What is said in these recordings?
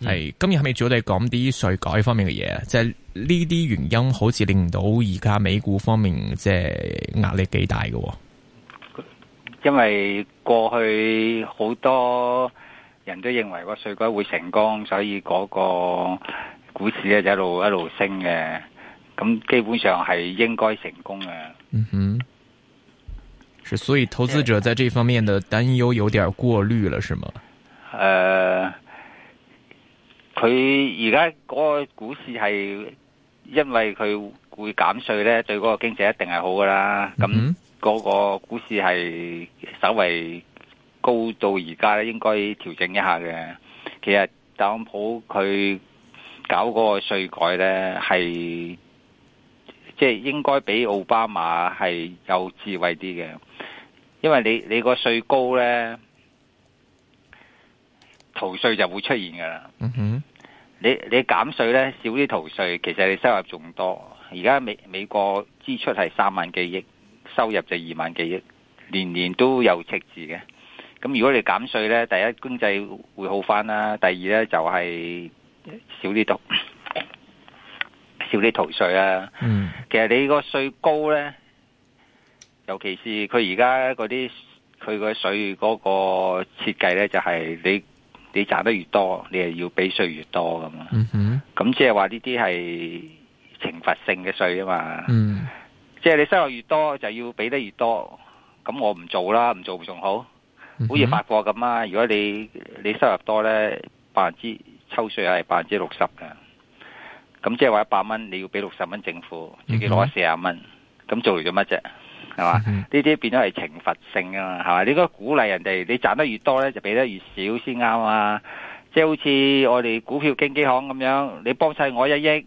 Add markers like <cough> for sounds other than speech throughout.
係、嗯、今日係咪主要嚟講啲稅改方面嘅嘢啊？即係呢啲原因好似令到而家美股方面即係壓力幾大嘅、哦。因為過去好多人都認為話稅改會成功，所以嗰個股市咧就一路一路升嘅。咁基本上係應該成功嘅。嗯哼。所以投資者在這方面的擔憂有點過慮了，是嗎？誒、呃。佢而家嗰個股市係因為佢會減稅咧，對嗰個經濟一定係好噶啦。咁嗰個股市係稍微高到而家咧，應該調整一下嘅。其實特朗普佢搞嗰個稅改咧，係即係應該比奧巴馬係有智慧啲嘅，因為你你個稅高咧。逃稅就會出現㗎喇。你你減稅咧，少啲逃稅，其實你收入仲多。而家美美國支出係三萬幾億，收入就二萬幾億，年年都有赤字嘅。咁如果你減稅咧，第一經濟會好返啦，第二咧就係少啲讀，少啲逃稅啦。其實你個稅高咧，尤其是佢而家嗰啲佢個稅嗰個設計咧，就係你。你賺得越多，你又要俾稅越多，咁，咁即係話呢啲係懲罰性嘅稅啊嘛。即、嗯、係、就是、你收入越多就要俾得越多。咁我唔做啦，唔做仲好，好似法國咁啊。如果你你收入多咧，百分之抽稅係百分之六十嘅。咁即係話一百蚊你要俾六十蚊政府，自己攞四十蚊。咁做嚟做乜啫？係嘛？呢啲變咗係懲罰性噶嘛？係嘛？你應該鼓勵人哋，你賺得越多咧，就俾得越少先啱啊！即係好似我哋股票經紀行咁樣，你幫晒我一億，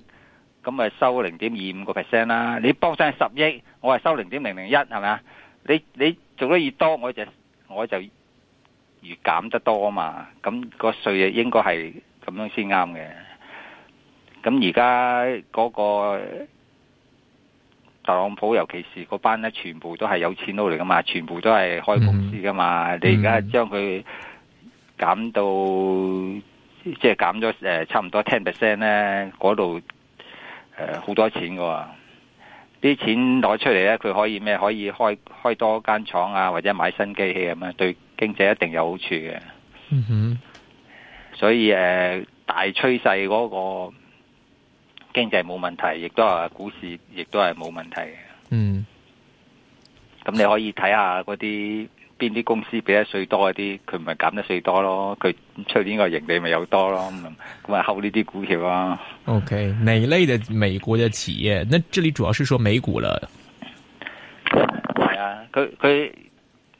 咁咪收零點二五個 percent 啦。你幫晒十億，我係收零點零零一，係咪啊？你你做得越多，我就我就越減得多嘛。咁個稅啊，應該係咁樣先啱嘅。咁而家嗰個。特朗普尤其是嗰班咧，全部都係有錢佬嚟噶嘛，全部都係開公司噶嘛。Mm-hmm. 你而家將佢減到即係減咗誒差唔多 ten percent 咧，嗰度誒好多錢嘅喎、啊。啲錢攞出嚟咧，佢可以咩？可以開開多間廠啊，或者買新機器咁啊，對經濟一定有好處嘅。嗯哼，所以誒、呃、大趨勢嗰個。經濟冇問題，亦都係股市，亦都係冇問題嘅。嗯，咁你可以睇下嗰啲邊啲公司俾得稅多一啲，佢唔係減得稅多咯，佢出年個盈利咪有多咯。咁咪 hold 呢啲股票咯。O K，邊一類嘅美國嘅企業，那這裏主要是說美股啦。係啊，佢佢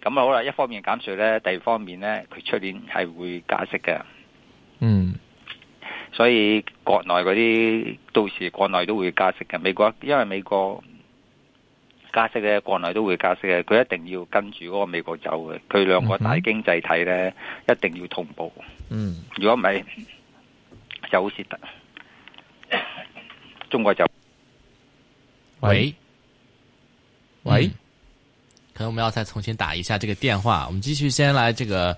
咁好啦。一方面減稅咧，第二方面咧，佢出年係會加息嘅。嗯。嗯所以國內嗰啲到時國內都會加息嘅，美國因為美國加息嘅，國內都會加息嘅。佢一定要跟住嗰個美國走嘅，佢兩個大經濟體咧、嗯、一定要同步。嗯，如果唔係就好蝕，中國就喂喂、嗯，可能我們要再重新打一下呢個電話，我們繼續先來呢、這個。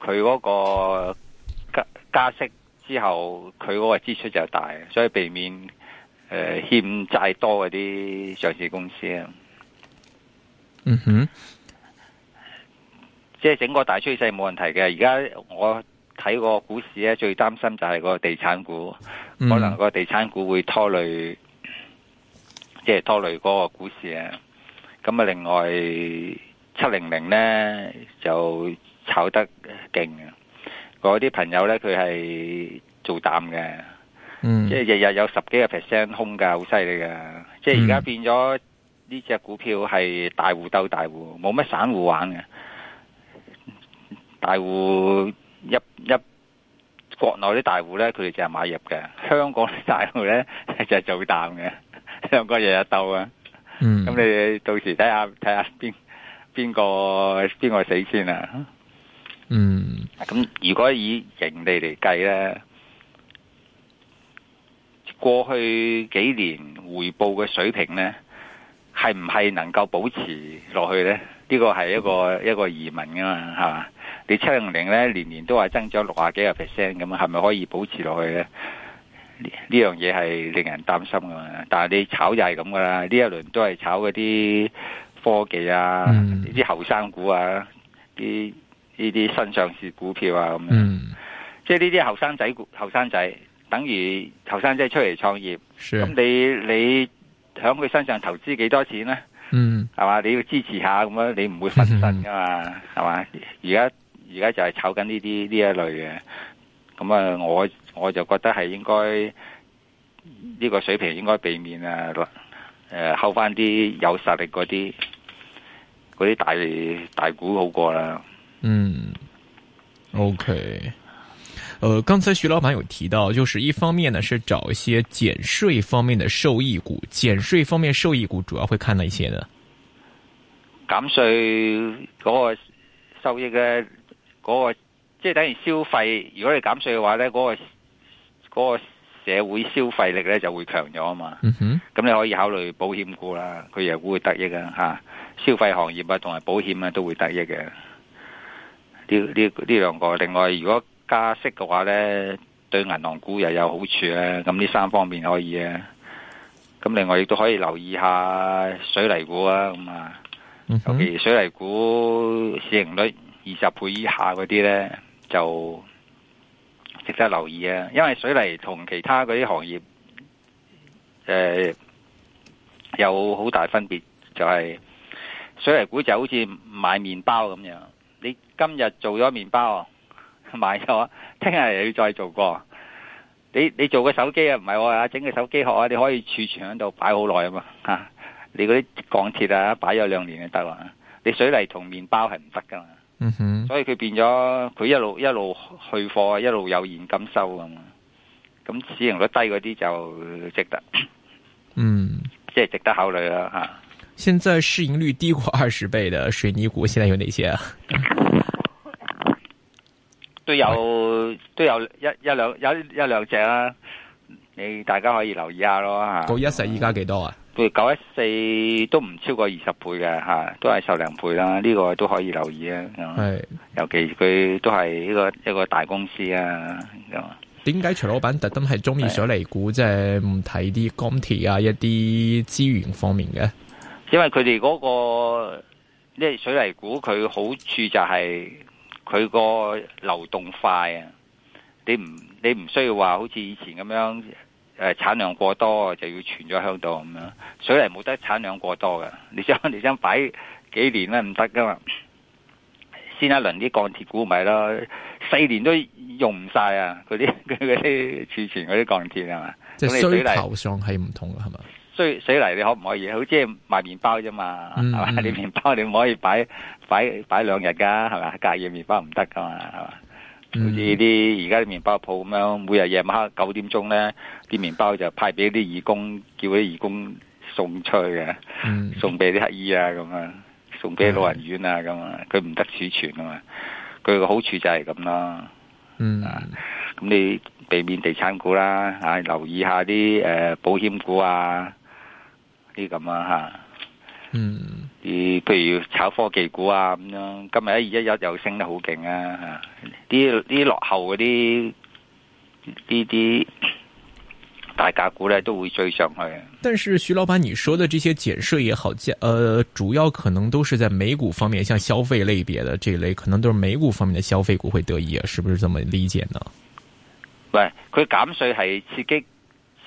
佢嗰個加息之後，佢嗰個支出就大，所以避免、呃、欠債多嗰啲上市公司啊。嗯哼，即係整個大趨勢冇問題嘅。而家我睇個股市咧，最擔心就係個地產股，嗯、可能個地產股會拖累，即係拖累嗰個股市啊。咁啊，另外七零零呢，就。炒得勁啊！我啲朋友咧，佢係做淡嘅，即係日日有十幾個 percent 空嘅，好犀利嘅。即係而家變咗呢隻股票係大戶鬥大戶，冇乜散戶玩嘅。大戶入入國內啲大戶咧，佢哋就係買入嘅；香港啲大戶咧就係做淡嘅，香港日日鬥啊！咁你到時睇下睇下邊邊個邊個死先啊！嗯，咁如果以盈利嚟計咧，過去幾年回報嘅水平咧，係唔係能夠保持落去咧？呢個係一個一個疑問噶嘛，係嘛？你七零零咧年年都話增長六十幾個 percent 咁，係咪可以保持落去咧？呢樣嘢係令人擔心噶嘛？但係你炒就係咁噶啦，呢一輪都係炒嗰啲科技啊，呢啲後生股啊，啲。呢啲新上市股票啊，咁、嗯、樣，即係呢啲後生仔股，後生仔等於後生仔出嚟創業，咁你你喺佢身上投資幾多錢咧？嗯，係嘛，你要支持下咁樣，你唔會分身噶嘛，係、嗯、嘛？而家而家就係炒緊呢啲呢一類嘅，咁啊，我我就覺得係應該呢、這個水平應該避免啊，誒、呃，後翻啲有實力嗰啲嗰啲大大股好過啦。嗯，OK，呃，剛才徐老闆有提到，就是一方面呢是找一些減稅方面的受益股，減稅方面受益股主要會看到一些呢？減稅嗰、嗰個收益嘅嗰、嗰個，即係等於消費，如果你減稅嘅話呢，嗰、嗰個、嗰個社會消費力呢就會強咗啊嘛。嗯、哼，咁你可以考慮保險股啦，佢又會得益啊吓，消費行業啊同埋保險啊都會得益嘅。呢呢呢兩個，另外如果加息嘅話呢，對銀行股又有好處咧、啊，咁呢三方面可以啊。咁另外亦都可以留意一下水泥股啊，咁、嗯、啊、嗯，尤其水泥股市盈率二十倍以下嗰啲呢，就值得留意啊。因為水泥同其他嗰啲行業，誒、呃、有好大分別，就係、是、水泥股就好似買麵包咁樣。你今日做咗麵包、啊，買咗，聽日又要再做過。你你做個手機啊，唔係我啊，整個手機殼啊，你可以儲存喺度擺好耐啊嘛。吓、啊，你嗰啲鋼鐵啊，擺咗兩年就得啦。你水泥同麵包係唔得噶嘛。Mm -hmm. 所以佢變咗，佢一路一路去貨，一路有現金收啊嘛。咁市盈率低嗰啲就值得。嗯、mm -hmm.。即係值得考慮啦、啊，吓。現在市盈率低過二十倍嘅水泥股，現在有哪些啊？都 <laughs> 有都有一一兩有一兩隻啦、啊，你大家可以留意一下咯吓。九一四而家幾多啊？九一四都唔超過二十倍嘅吓，都係十零倍啦，呢、這個都可以留意啊。係，尤其佢都係一個一個大公司啊。咁點解徐老闆特登係中意水泥股，即係唔睇啲鋼鐵啊一啲資源方面嘅？因為佢哋嗰個即係水泥股，佢好處就係佢個流動快啊！你唔你唔需要話好似以前咁樣誒產量過多就要存咗響度咁樣，水泥冇得產量過多噶，你想你想擺幾年咧唔得噶嘛？先一輪啲鋼鐵股咪咯，四年都用唔晒啊！嗰啲嗰啲儲存嗰啲鋼鐵啊嘛，即係需求上係唔同噶係嘛？是所以水泥你可唔可以？好即係賣麵包啫嘛，係、嗯、嘛？你麵包你唔可以擺擺擺兩日噶，係嘛？隔夜麵包唔得噶嘛，係嘛？好似啲而家啲麵包鋪咁樣，每日夜晚黑九點鐘咧啲麵包就派俾啲義工，叫啲義工送出去嘅、嗯，送俾啲乞衣啊咁啊，送俾老人院啊咁啊，佢唔得儲存噶嘛，佢個好處就係咁咯。嗯，咁你避免地產股啦，吓、留意下啲誒、呃、保險股啊。啲咁啊吓，嗯，啲譬如炒科技股啊咁樣，今日一二一一又升得好勁啊！啲啲落後嗰啲，呢啲大價股咧都會追上去。但是徐老闆，你說的這些減稅也好，加，呃，主要可能都是在美股方面，像消費類別的這類，可能都是美股方面的消費股會得益，是不是這麼理解呢？喂，佢減稅係刺激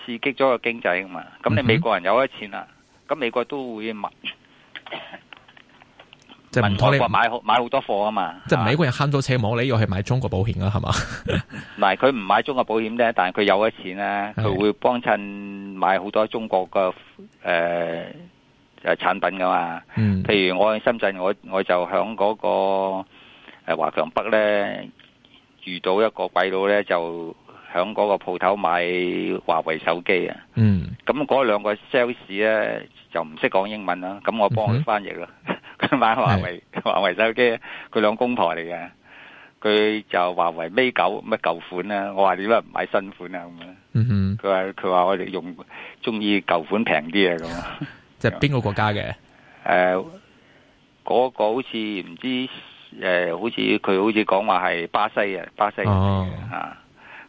刺激咗個經濟噶嘛，咁你美國人有咗錢啦。嗯咁美國都會買，即係唔通你買買好多貨啊嘛？即係美國人慳咗車網，你又係買中國保險啊？係嘛？嗱，佢唔買中國保險呢，但係佢有咗錢呢，佢會幫襯買好多中國嘅誒、呃、產品㗎嘛？嗯，譬如我喺深圳，我我就響嗰個誒華強北呢，遇到一個鬼佬呢，就，喺嗰個鋪頭買華為手機啊！嗯，咁嗰兩個 sales 咧就唔識講英文啦，咁我幫佢翻譯啦。佢買華為華為手機，佢兩公婆嚟嘅，佢就華為 Mate 九乜舊款啦。我話點解唔買新款啊？咁啊，嗯哼，佢話佢話我哋用中意舊款平啲啊，咁。即係邊個國家嘅？誒，嗰個好似唔知誒，好似佢好似講話係巴西嘅，巴西人嚟嘅啊。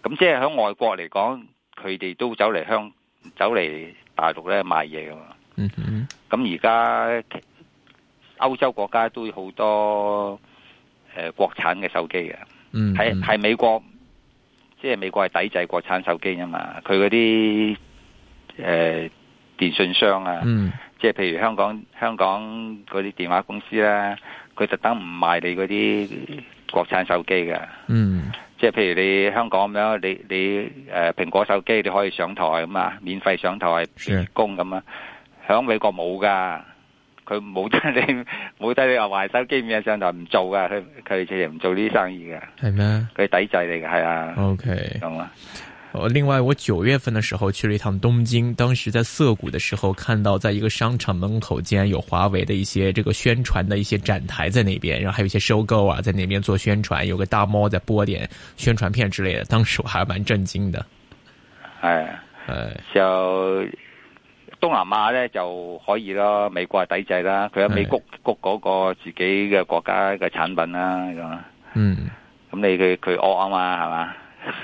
咁即係喺外國嚟講，佢哋都走嚟香走嚟大陸咧賣嘢噶嘛。嗯嗯。咁而家其歐洲國家都有好多誒國產嘅手機嘅。嗯。係係美國，即係美國係抵制國產手機啊嘛。佢嗰啲誒電信商啊，嗯。即係譬如香港香港嗰啲電話公司啦，佢特登唔賣你嗰啲國產手機噶。嗯。即係譬如你香港咁樣，你你誒、呃、蘋果手機你可以上台咁啊，免費上台員工咁啊，喺美國冇㗎，佢冇得你冇得你話壞手機唔上台唔做㗎，佢佢直接唔做呢啲生意㗎。係咩？佢抵制你㗎，係啊。OK，咁啊。呃，另外，我九月份的時候去了一趟東京，當時在澀谷的時候，看到在一個商場門口竟然有華為的一些這個宣傳的一些展台在那邊，然後還有一些收購啊，在那邊做宣傳，有個大幕在播點宣傳片之類的，當時我還蠻震驚的。哎，就東南亞咧就可以啦，美國是抵制啦，佢喺美國谷嗰、哎、個自己嘅國家的產品啦，咁，嗯，咁你佢佢安啊嘛，係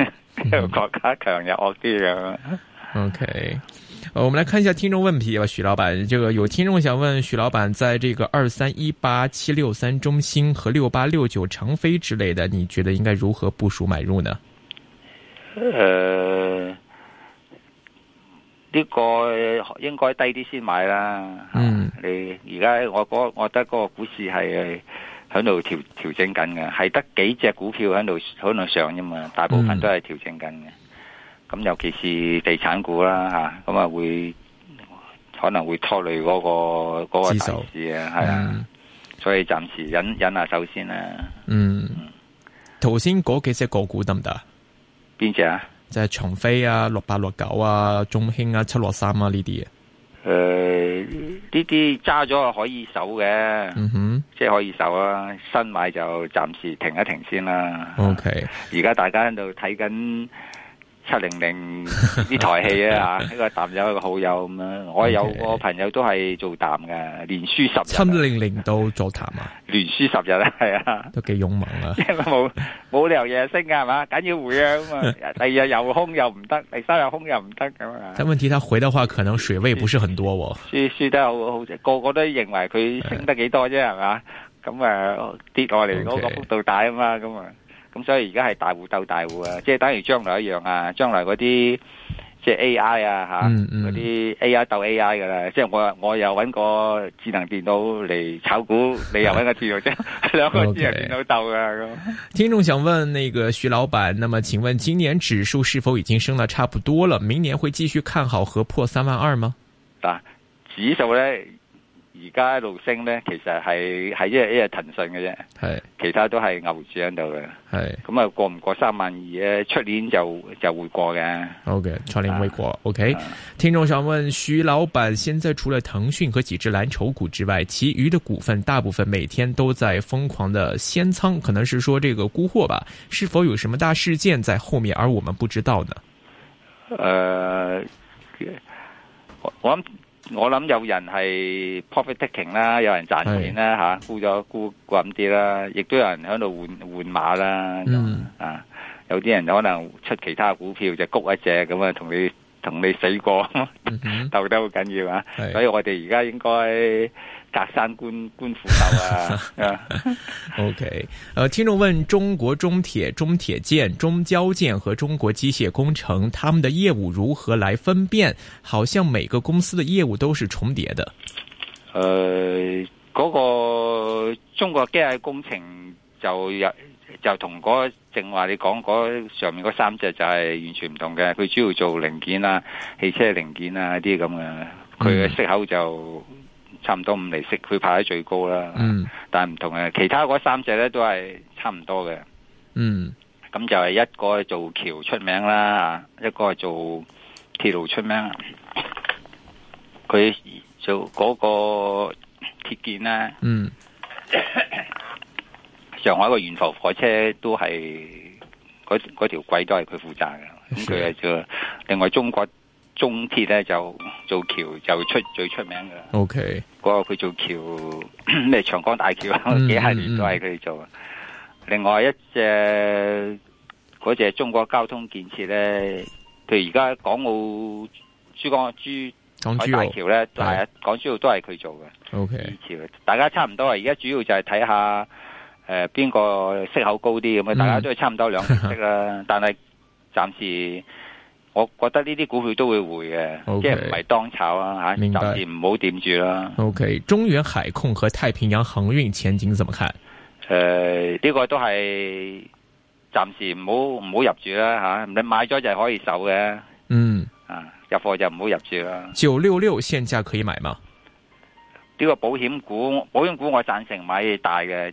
嘛？ <laughs> <laughs> 國家強又惡啲咁。OK，呃，我們來看一下聽眾問題啊，許老闆，這個有聽眾想問許老闆，在這個二三一八、七六三、中興和六八六九、長飛之類的，你覺得應該如何部署買入呢？誒、呃、呢、這個應該低啲先買啦。嗯，啊、你而家我我覺得嗰個股市係。喺度調調整緊嘅，係得幾隻股票喺度可能上啫嘛，大部分都係調整緊嘅。咁尤其是地產股啦，吓咁啊會可能會拖累嗰個嗰個大市啊，係啊。所以暫時忍忍下，手先啦。嗯，頭先嗰幾隻個股得唔得？邊隻啊？就係長飛啊、六八六九啊、中興啊、七六三啊呢啲。誒、呃，呢啲揸咗可以守嘅，mm -hmm。即係可以守啊！新買就暫時停一停先啦。OK，而家大家喺度睇緊。七零零呢台戲啊，呢個淡友一個好友咁樣，我有個朋友都係做淡嘅，連輸十日。七零零都做淡啊，連輸十日啊，係啊，都幾勇猛啊！即係冇冇理由日日升噶係嘛？緊要回啊咁啊，第二日又空又唔得，第三日空又唔得咁啊。但問題，他回嘅話，可能水位唔係很多喎。輸輸得好好，個個都認為佢升得幾多啫，係嘛？咁啊跌落嚟嗰個幅度大啊嘛，咁啊。咁、嗯、所以而家係大戶鬥大戶啊，即係等於將來一樣啊，將來嗰啲即係 A I 啊吓，嗰啲 A I 鬥 A I 噶啦，即係、啊嗯嗯、我我又揾個智能電腦嚟炒股，嗯、你又揾個智能機、哎，兩個智能電腦鬥噶、okay。聽眾想問那個徐老闆，那麼請問今年指數是否已經升得差不多了？明年會繼續看好和破三萬二嗎？啊、指數咧？而家一路升呢，其實係喺一日一日騰訊嘅啫，係其他都係牛股喺度嘅，係咁啊。過唔過三萬二咧？出年就就會過嘅。OK，出年會過。OK，uh, uh, 聽眾想問徐老闆，現在除了騰訊和幾隻藍籌股之外，其餘的股份大部分每天都在瘋狂的先倉，可能是說這個沽貨吧？是否有什麼大事件在後面，而我們不知道呢？誒、uh,，我我。我諗有人係 profit taking 啦，有人賺錢啦，吓、啊，沽咗沽咁啲啦，亦都有人喺度換換馬啦、嗯，啊，有啲人可能出其他股票就谷一隻咁啊，同你同你死過，嗯嗯 <laughs> 鬥得好緊要啊，所以我哋而家應該。格山官官府豆啊 <laughs> <laughs> ！OK，誒、呃，聽眾問：中國中鐵、中鐵建、中交建和中國機械工程，他們的業務如何來分辨？好像每個公司的業務都是重疊的。誒、呃，嗰、那個中國機械工程就有就同嗰正話你講嗰上面嗰三隻就係完全唔同嘅。佢主要做零件啊、汽車零件啊啲咁嘅，佢嘅息口就， <laughs> 差唔多五厘息，佢排喺最高啦、嗯。但係唔同嘅，其他嗰三隻咧都係差唔多嘅。嗯，咁就係一個係做橋出名啦，一個係做鐵路出名。佢做嗰個鐵建咧，嗯，咳咳上海個懸浮火車都係嗰嗰，條軌都係佢負責嘅。咁佢係做另外中國。中鐵咧就做橋就出最出名噶 OK 嗰個佢做橋咩？ <coughs> 長江大橋，嗯，幾廿年都係佢哋做、嗯。另外一隻嗰隻中國交通建設咧，譬如而家港澳珠江珠海大橋咧，都係港珠澳都係佢做嘅。OK，二橋大家差唔多啊，而家主要就係睇下誒邊、呃、個息口高啲咁啊，大家都係差唔多兩息啦，嗯、 <laughs> 但係暫時。我覺得呢啲股票都會回嘅，即係唔係當炒啦吓，啊，暫時唔好掂住啦。Okay，中原海控和太平洋航運前景怎麼看？誒、呃、呢，這個都係暫時唔好唔好入住啦吓，啊，你買咗就可以守嘅。嗯，啊，入貨就唔好入住啦。九六六現價可以買嗎？呢，這個保險股，保險股我贊成買大嘅。